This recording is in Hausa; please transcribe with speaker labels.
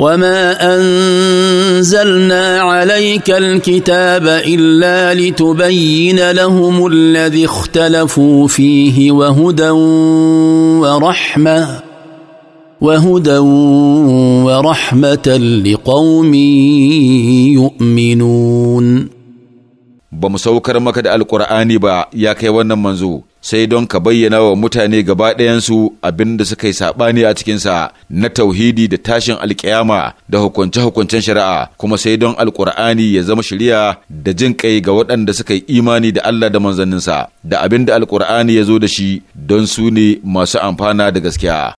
Speaker 1: وما انزلنا عليك الكتاب الا لتبين لهم الذي اختلفوا فيه وهدى ورحمه وهدى ورحمه لقوم يؤمنون
Speaker 2: بمسوكر مكد القران با يا كي منزو sai don ka bayyana wa mutane gaba ɗayansu abin da suka yi saɓani a cikinsa na tauhidi da tashin alkiyama da hukunce-hukuncen shari'a kuma sai don alkur'ani ya zama shirya da jin kai ga waɗanda suka yi imani da Allah da manzanninsa da abin da alkur'ani ya zo da shi don su ne masu amfana da gaskiya.